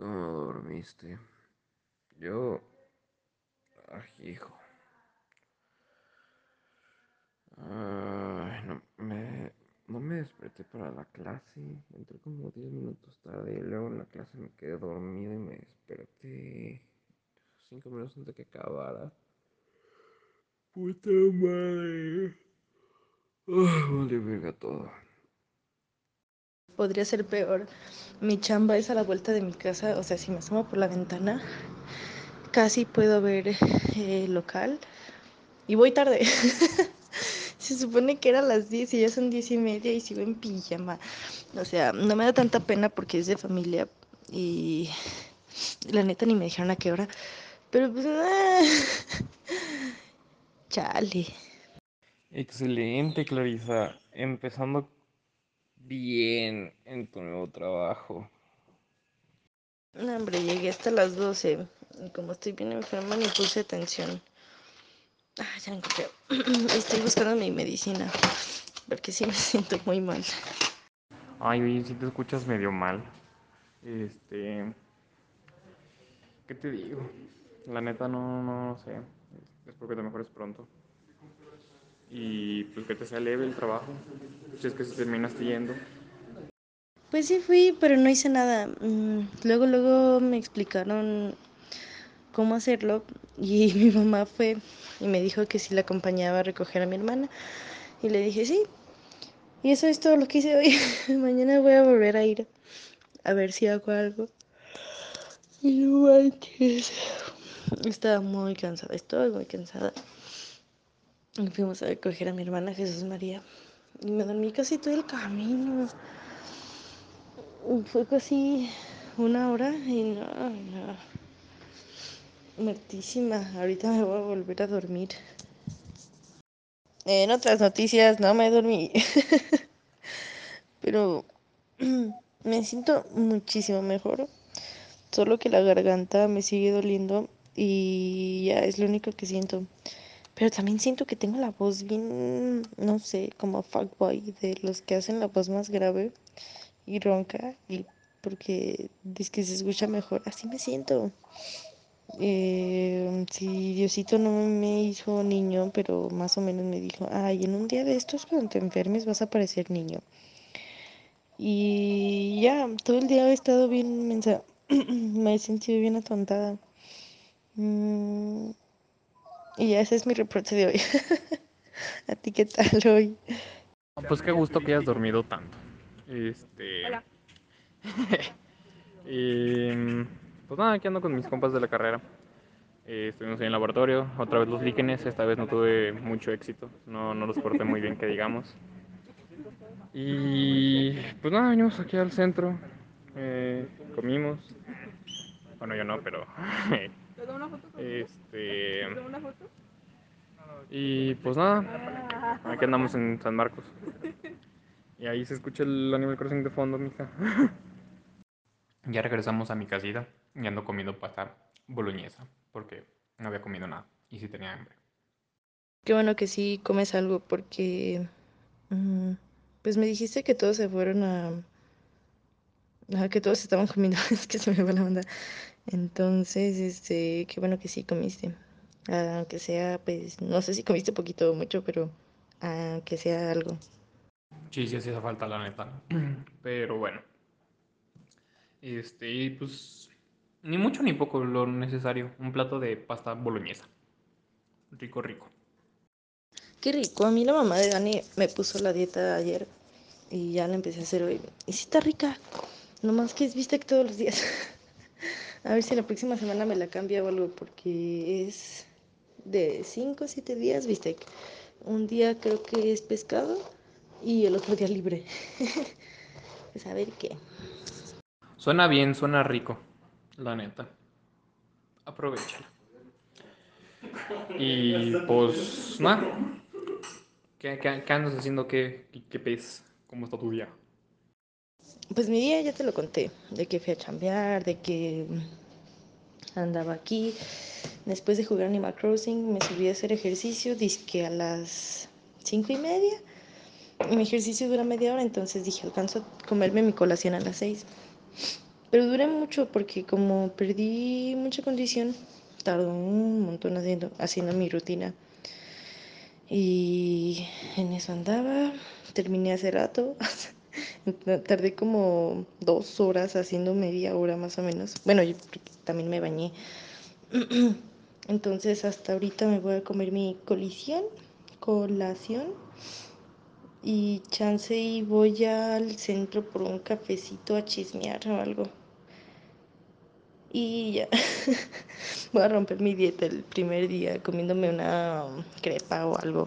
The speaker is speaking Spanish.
¿Cómo dormiste? Yo... Ay, hijo. Ay, no, me, no me desperté para la clase. Entré como 10 minutos tarde y luego en la clase me quedé dormido y me desperté 5 minutos antes de que acabara. Puta madre. Ay, ah, vale verga todo podría ser peor. Mi chamba es a la vuelta de mi casa, o sea, si me asomo por la ventana, casi puedo ver el eh, local y voy tarde. Se supone que era las 10 y ya son 10 y media y sigo en pijama. O sea, no me da tanta pena porque es de familia y la neta ni me dijeron a qué hora. Pero pues, chale. Excelente, Clarisa. Empezando bien en tu nuevo trabajo? hombre, llegué hasta las 12 y como estoy bien enferma ni puse atención. Ah, ya Estoy buscando mi medicina porque sí me siento muy mal. Ay, oye, si te escuchas medio mal. Este... ¿Qué te digo? La neta no, no, no sé. Espero que te mejores pronto y pues que te sea leve el trabajo, si es que se terminaste yendo. Pues sí fui, pero no hice nada. Mm, luego, luego me explicaron cómo hacerlo y mi mamá fue y me dijo que si la acompañaba a recoger a mi hermana y le dije sí. Y eso es todo lo que hice hoy. Mañana voy a volver a ir a ver si hago algo. Y no manches. Estaba muy cansada, estoy muy cansada. Fuimos a recoger a mi hermana Jesús María. Y me dormí casi todo el camino. Fue casi una hora y no, no. Muertísima. Ahorita me voy a volver a dormir. En otras noticias no me dormí. Pero me siento muchísimo mejor. Solo que la garganta me sigue doliendo y ya es lo único que siento. Pero también siento que tengo la voz bien, no sé, como fuckboy, de los que hacen la voz más grave y ronca, y porque es que se escucha mejor. Así me siento. Eh, si Diosito no me hizo niño, pero más o menos me dijo, ay, en un día de estos cuando te enfermes vas a parecer niño. Y ya, todo el día he estado bien, me he sentido bien atontada. Mm, y ese es mi reporte de hoy. ¿A ti qué tal hoy? Pues qué gusto que hayas dormido tanto. Este. Hola. Em, pues nada, aquí ando con mis compas de la carrera. Eh, estuvimos en el laboratorio, otra vez los líquenes, esta vez no tuve mucho éxito, no, no los porté muy bien que digamos. Y pues nada, venimos aquí al centro, eh, comimos. Bueno, yo no, pero... este, una foto? Y pues nada, aquí andamos en San Marcos. Y ahí se escucha el Animal Crossing de fondo, mija. Ya regresamos a mi casita y ando comiendo pasta boloñesa porque no había comido nada y sí tenía hambre. Qué bueno que sí comes algo porque mm, pues me dijiste que todos se fueron a, que todos estaban comiendo, es que se me va la onda. Entonces, este, qué bueno que sí comiste aunque sea, pues, no sé si comiste poquito o mucho, pero aunque sea algo. Sí, sí, hacía falta, la neta. Pero bueno. Este, pues, ni mucho ni poco lo necesario. Un plato de pasta boloñesa. Rico, rico. Qué rico. A mí la mamá de Dani me puso la dieta ayer y ya la empecé a hacer hoy. Y sí está rica. Nomás que es que todos los días. a ver si la próxima semana me la cambia o algo porque es de 5 o 7 días ¿viste? Un día creo que es pescado y el otro día libre. pues a ver qué. Suena bien, suena rico, la neta. Aprovechala. Y pues nada. ¿Qué, andas haciendo? ¿Qué, qué, pez? ¿Cómo está tu día? Pues mi día ya te lo conté, de que fui a chambear, de que andaba aquí. Después de jugar Animal Crossing, me subí a hacer ejercicio, que a las cinco y media. Mi ejercicio dura media hora, entonces dije, alcanzo a comerme mi colación a las seis. Pero duré mucho porque como perdí mucha condición, tardó un montón haciendo, haciendo mi rutina. Y en eso andaba, terminé hace rato. Tardé como dos horas haciendo media hora más o menos. Bueno, también me bañé. Entonces hasta ahorita me voy a comer mi colisión, colación. Y chance y voy al centro por un cafecito a chismear o algo. Y ya. voy a romper mi dieta el primer día comiéndome una crepa o algo.